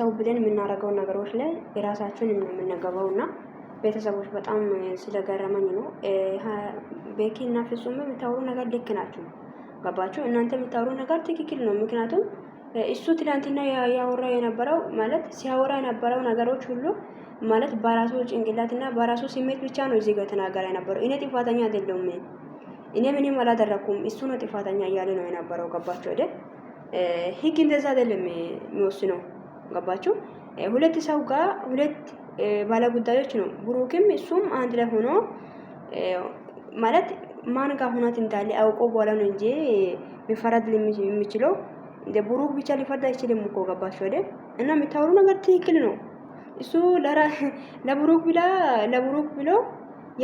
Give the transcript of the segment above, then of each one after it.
ሰው ብለን የምናደርገው ነገሮች ላይ የራሳችን የምንገባው እና ቤተሰቦች በጣም ስለገረመኝ ነው። ቤኪ እና ፍጹም የምታወሩ ነገር ልክ ናቸው። ገባችሁ? እናንተ የምታወሩ ነገር ትክክል ነው። ምክንያቱም እሱ ትላንትና ያወራ የነበረው ማለት ሲያወራ የነበረው ነገሮች ሁሉ ማለት በራሱ ጭንቅላት እና በራሱ ስሜት ብቻ ነው እዚህ ጋር ተናገረ የነበረው። እኔ ጥፋተኛ አይደለሁም፣ እኔ ምንም አላደረኩም፣ እሱ ነው ጥፋተኛ እያለ ነው የነበረው። ገባችሁ አይደል? ህግ እንደዛ አይደለም የሚወስነው ገባችሁ? ሁለት ሰው ጋር ሁለት ባለጉዳዮች ነው። ብሩክም እሱም አንድ ላይ ሆኖ ማለት ማን ጋር ሁነት እንዳለ አውቆ በኋላ ነው እንጂ ሊፈረድ የሚችለው እንደ ብሩክ ብቻ ሊፈርድ አይችልም እኮ ገባችሁ አይደል? እና የሚታወሩ ነገር ትክክል ነው። እሱ ለብሩክ ብላ ለብሩክ ብሎ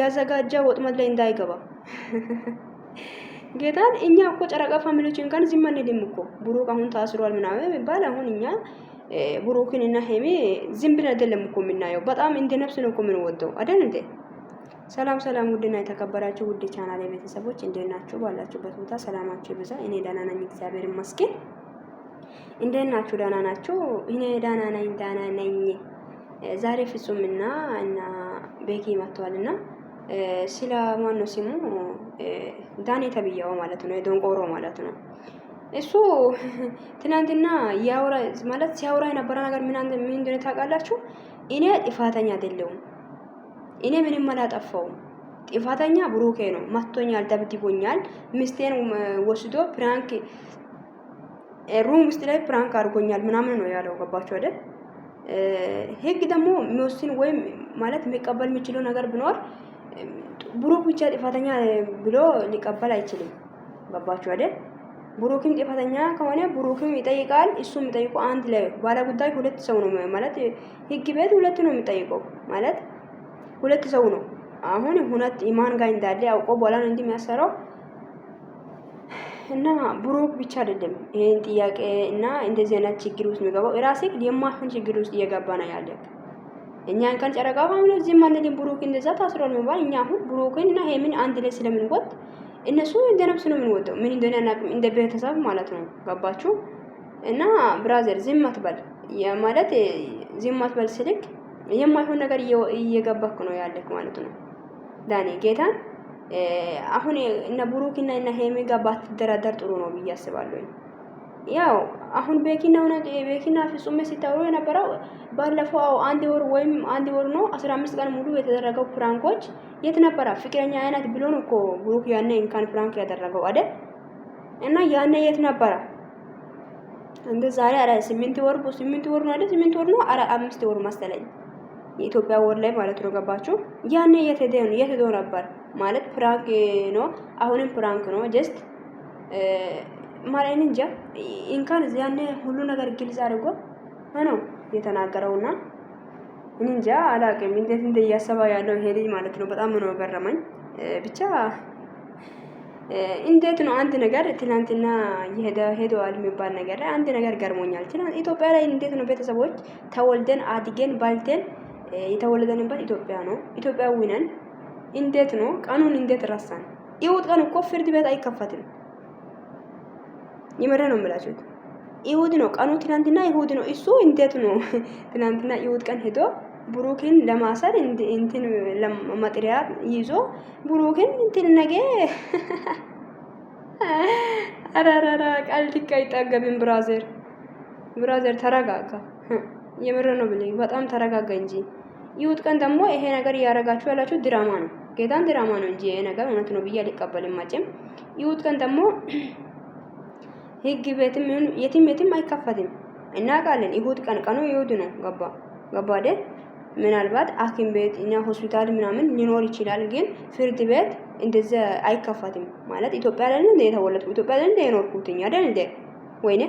ያዘጋጀ ወጥመድ ላይ እንዳይገባ ጌታን እኛ እኮ ጨረቃ ፋሚሊዎችን እንኳን ዝም አንልም እኮ ብሩክ አሁን ታስሯል ምናምን የሚባል አሁን እኛ ብሩክን እና ሄሜ ዝም ብለን አይደለም እኮ የምናየው፣ በጣም እንደ ነፍስ ነው እኮ የምንወደው አይደል እንዴ? ሰላም ሰላም፣ ውድና የተከበራችሁ ውድ ቻናል ቤተሰቦች እንዴት ናችሁ? ባላችሁበት ቦታ ሰላማችሁ ይብዛ። እኔ ዳና ነኝ፣ እግዚአብሔር ይመስገን። እንዴት ናችሁ? ዳና ናችሁ? እኔ ዳና ነኝ፣ ዳና ነኝ። ዛሬ ፍጹምና እና ቤኪ መጥቷልና ስለ ማን ነው ስሙ? ዳኔ ተብያው ማለት ነው፣ የደንቆሮ ማለት ነው እሱ ትናንትና ያውራ ማለት ሲያውራ የነበረ ነገር ምን እንደሆነ ታውቃላችሁ? እኔ ጥፋተኛ አይደለሁም። እኔ ምንም አላጠፋውም። ጥፋተኛ ብሩኬ ነው። መቶኛል፣ ደብድቦኛል፣ ሚስቴን ወስዶ ፕራንክ ሩም ውስጥ ላይ ፕራንክ አድርጎኛል ምናምን ነው ያለው። ገባችሁ አይደል? ህግ ደግሞ የሚወስን ወይም ማለት የሚቀበል የሚችለው ነገር ቢኖር ብሩክ ብቻ ጥፋተኛ ብሎ ሊቀበል አይችልም። ገባችሁ አይደል? ብሩክም ጥፋተኛ ከሆነ ብሩክም ይጠይቃል፣ እሱም ይጠይቁ። አንድ ላይ ባለ ጉዳይ ሁለት ሰው ነው ማለት ህግ ቤት ሁለት ነው የሚጠይቀው ማለት ሁለት ሰው ነው። አሁን ሁነት ኢማን ጋር እንዳለ አውቆ በኋላ ነው እንደሚያሰራው እና ብሩክ ብቻ አይደለም ይሄን ጥያቄ እና እንደዚህ አይነት ችግር ውስጥ የሚገባው ራሴ የማፈን ችግር ውስጥ እየገባ ነው ያለ እኛ እንኳን ጨረቃ ሆኖ እዚህ ማለት ብሩክ እንደዛ ታስሯል የሚባል እኛ አሁን ብሩክን እና ሄምን አንድ ላይ ስለምንቆጥ እነሱ እንደ ነፍስ ነው የምንወጣው። ምን እንደሆነ አናውቅም፣ እንደ ቤተሰብ ማለት ነው። ገባችሁ? እና ብራዘር ዝም አትበል ማለት ዝም አትበል ስልክ የማይሆን ነገር እየገባክ ነው ያለክ ማለት ነው። ዳኔ ጌታን አሁን እነ ቡሩክ እና እነ ሄሚ ጋር ባትደራደር ጥሩ ነው ብዬ አስባለሁ። ያው አሁን ቤኪና ሆነ ቤኪና ፍጹም ሲታወሩ የነበረው ባለፈው አንድ ወር ወይም አንድ ወር ነው 15 ቀን ሙሉ የተደረገው ፕራንኮች የት ነበረ ፍቅረኛ አይነት ብሎን እኮ ብሩክ ያነ እንካን ፕራንክ ያደረገው አይደል? እና ያነ የት ነበረ እንደ ዛሬ አረ ስምንት ወር ስምንት ወር ነው አይደል? ስምንት ወር ነው አረ አምስት ወር መሰለኝ የኢትዮጵያ ወር ላይ ማለት ነው። ገባችሁ? ያነ የት ሄደ ነው የት ሄዶ ነበር ማለት ፕራንክ ነው። አሁንም ፕራንክ ነው ጀስት ማለት እንጃ እንኳን ያኔ ሁሉ ነገር ግልጽ አድርጎ ነው የተናገረውና እንጃ አላቅም እንዴት እንደ እያሰባ ያለው ይሄ ልጅ ማለት ነው። በጣም ነው ገረመኝ። ብቻ እንዴት ነው አንድ ነገር ትናንትና ሄደዋል የሚባል ነገር ላይ አንድ ነገር ገርሞኛል። ትናንት ኢትዮጵያ ላይ እንዴት ነው ቤተሰቦች ተወልደን አድገን ባልተን የተወለደንበት ኢትዮጵያ ነው። ኢትዮጵያዊ ነን። እንዴት ነው ቀኑን እንዴት ረሳን? ይውጥ ቀን እኮ ፍርድ ቤት አይከፈትም። የምር ነው የምላችሁት። ይሁድ ነው ቀኑ፣ ትናንትና ይሁድ ነው። እሱ እንዴት ነው ትናንትና ይሁድ ቀን ሄዶ ብሩክን ለማሰር እንትን ለማጥሪያ ይዞ ብሩክን እንትን ነገ አራራራ ቃል ትካ አይጠገብም። ብራዘር ብራዘር ተረጋጋ። የምር ነው ብለኝ በጣም ተረጋጋ እንጂ ይሁድ ቀን ደግሞ ይሄ ነገር እያረጋችሁ ያላችሁ ድራማ ነው፣ ጌታን ድራማ ነው እንጂ ይሄ ነገር እውነት ነው ብዬ አልቀበልም። ማጭም ይሁድ ቀን ደግሞ ህግ ቤትም የትም የትም አይከፈትም እናውቃለን። እሁድ ቀን ቀኑ እሁድ ነው። ገባ ገባ አይደል? ምናልባት ሐኪም ቤት እና ሆስፒታል ምናምን ሊኖር ይችላል፣ ግን ፍርድ ቤት እንደዚ አይከፈትም ማለት ኢትዮጵያ ላይ እንደ የተወለድኩ ኢትዮጵያ ላይ እንደ የኖርኩት እኛ አይደል እንደ ወይኔ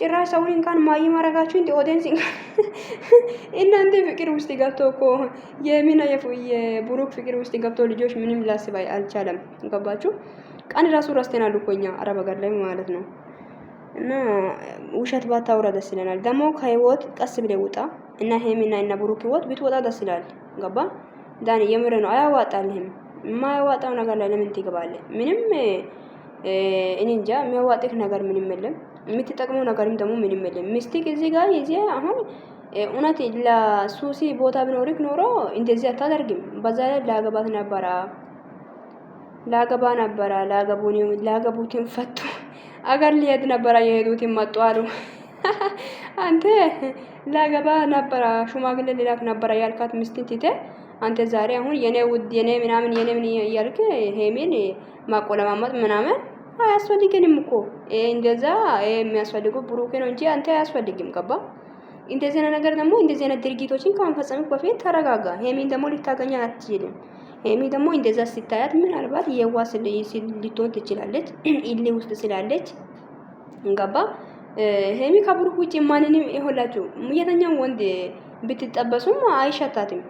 ጭራሽ ሰውን እንኳን ማይ ማረጋችሁ እንደ ኦዲየንስ እንኳን እናንተ ፍቅር ውስጥ ገብቶ እኮ የሚና የቡሩክ ፍቅር ውስጥ ገብቶ ልጆች ምንም ላስብ አልቻለም። ገባችሁ? ቀን ራሱ ረስተናል እኮ እኛ አረብ ሀገር ላይ ማለት ነው። እና ውሸት ባታውራ ደስ ይለናል። ደግሞ ከህይወት ቀስ ብለ ውጣ እና ሄሚና እና ብሩክ ህይወት ብትወጣ ደስ ይላል። ገባ ዳኒ የምር ነው። አያዋጣልህም። የማያዋጣው ነገር ላይ ለምን ትገባለህ? ምንም እኔ እንጃ። የሚያዋጥህ ነገር ምንም የለም። የምትጠቅመው ነገርም ደግሞ ምንም የለም። ሚስቲክ እዚህ ጋር እዚህ አሁን እውነት ለሱሲ ቦታ ቢኖርክ ኖሮ እንደዚህ አታደርግም። በዛ ላይ ላገባት ነበራ ላገባ ነበረ ላገቡትን ፈቱ። አገር ሊሄድ ነበረ የሄዱት መጡ አሉ። አንተ ላገባ ነበረ ሽማግሌ ሊላክ ነበረ ያልካት ሚስትን ትቴ አንተ ዛሬ አሁን የኔ ውድ የኔ ምናምን የኔ ምን እያልክ ሄሜን ማቆለማመጥ ምናምን አያስፈልግንም እኮ እንደዛ የሚያስፈልገው ብሩኬ ነው እንጂ አንተ አያስፈልግም። ገባ እንደዚህ ነገር ደግሞ እንደዚህ አይነት ድርጊቶችን ከመፈጸምክ በፊት ተረጋጋ። ሄሜን ደግሞ ልታገኛ አትችልም። ሄሚ ደግሞ እንደዛ ሲታያት ምናልባት የዋ ልትሆን ትችላለች። ኢሊ ውስጥ ስላለች እንጋባ ሄሚ ከብሩክ ውጭ ማንንም ይሆላችሁ የተኛው ወንድ ብትጠበሱም አይሸታትም።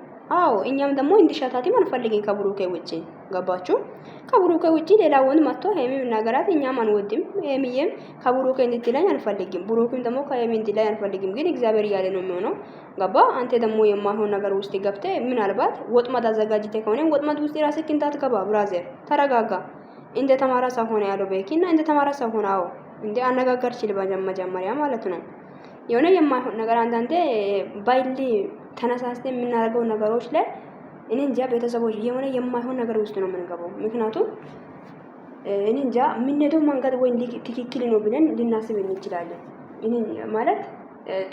አዎ እኛም ደግሞ እንዲሸታትም አንፈልግም ከብሩክ ውጭ ገባችሁ? ከብሩኬ ውጪ ሌላ ወንድ መጥቶ ሄሚ ነገራት እኛም አንወድም። ሄሚዬም ከብሩኬ እንድትለኝ አንፈልግም፣ ብሩክም ደግሞ ከሄሚ እንድትለኝ አንፈልግም። ግን እግዚአብሔር እያለ ነው የሚሆነው። ገባ? አንተ ደግሞ የማይሆን ነገር ውስጥ ገብተ ምናልባት ወጥመድ አዘጋጅተ ከሆነ ወጥመድ ውስጥ ራስህ እንዳትገባ ብራዘር፣ ተረጋጋ። እንደ ተማራ ሰው ሆነ ያለው በኪና እንደ ተማራ ሰው ሆነ። አዎ እንደ አነጋገር ችል መጀመሪያ ማለት ነው። የሆነ የማይሆን ነገር አንዳንዴ ባይል ተነሳስተ የምናደርገው ነገሮች ላይ እኔ እንጃ ቤተሰቦች የሆነ የማይሆን ነገር ውስጥ ነው የምንገባው። ምክንያቱም እኔ እንጃ የምንሄደው መንገድ ወይ ትክክል ነው ብለን ልናስብ እንችላለን። ማለት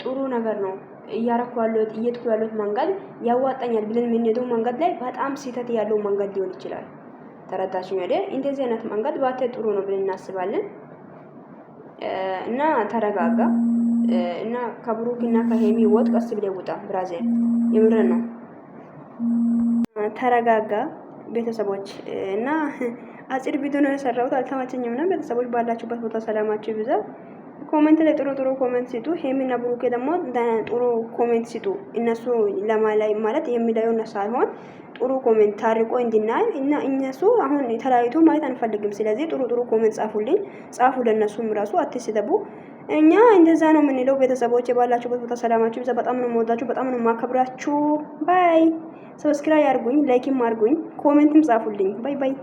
ጥሩ ነገር ነው እያረኩ ያለት እየሄድኩ ያለት መንገድ ያዋጣኛል ብለን የምንሄደው መንገድ ላይ በጣም ስህተት ያለው መንገድ ሊሆን ይችላል። ተረዳሽ አይደል? እንደዚህ አይነት መንገድ ባትሄድ ጥሩ ነው ብለን እናስባለን። እና ተረጋጋ እና ከብሩክ እና ከሄሚ ወጥ ቀስ ብለ ውጣ ብራዚል የምር ነው። ተረጋጋ ቤተሰቦች እና አጭር ቪዲዮ ነው የሰራሁት። አልተመቸኝም እና ቤተሰቦች ባላችሁበት ቦታ ሰላማችሁ ይብዛ። ኮሜንት ላይ ጥሩ ጥሩ ኮሜንት ሲጡ፣ ሄሚና ብሩኬ ደግሞ ጥሩ ኮሜንት ሲጡ። እነሱ ለማላይ ማለት የሚለዩ ሳይሆን ጥሩ ኮሜንት ታርቆ እንድናይ እና እነሱ አሁን ተለያይቶ ማየት አንፈልግም። ስለዚህ ጥሩ ጥሩ ኮሜንት ጻፉልኝ፣ ጻፉ ለእነሱም ራሱ አትስደቡ። እኛ እንደዛ ነው የምንለው። ቤተሰቦች የባላችሁበት ቦታ ሰላማችሁ ይብዛ። በጣም ነው የምወዳችሁ፣ በጣም ነው የማከብራችሁ። ባይ ሰብስክራይብ አርጉኝ ላይክም አድርጉኝ፣ ኮሜንትም ጻፉልኝ። ባይ ባይ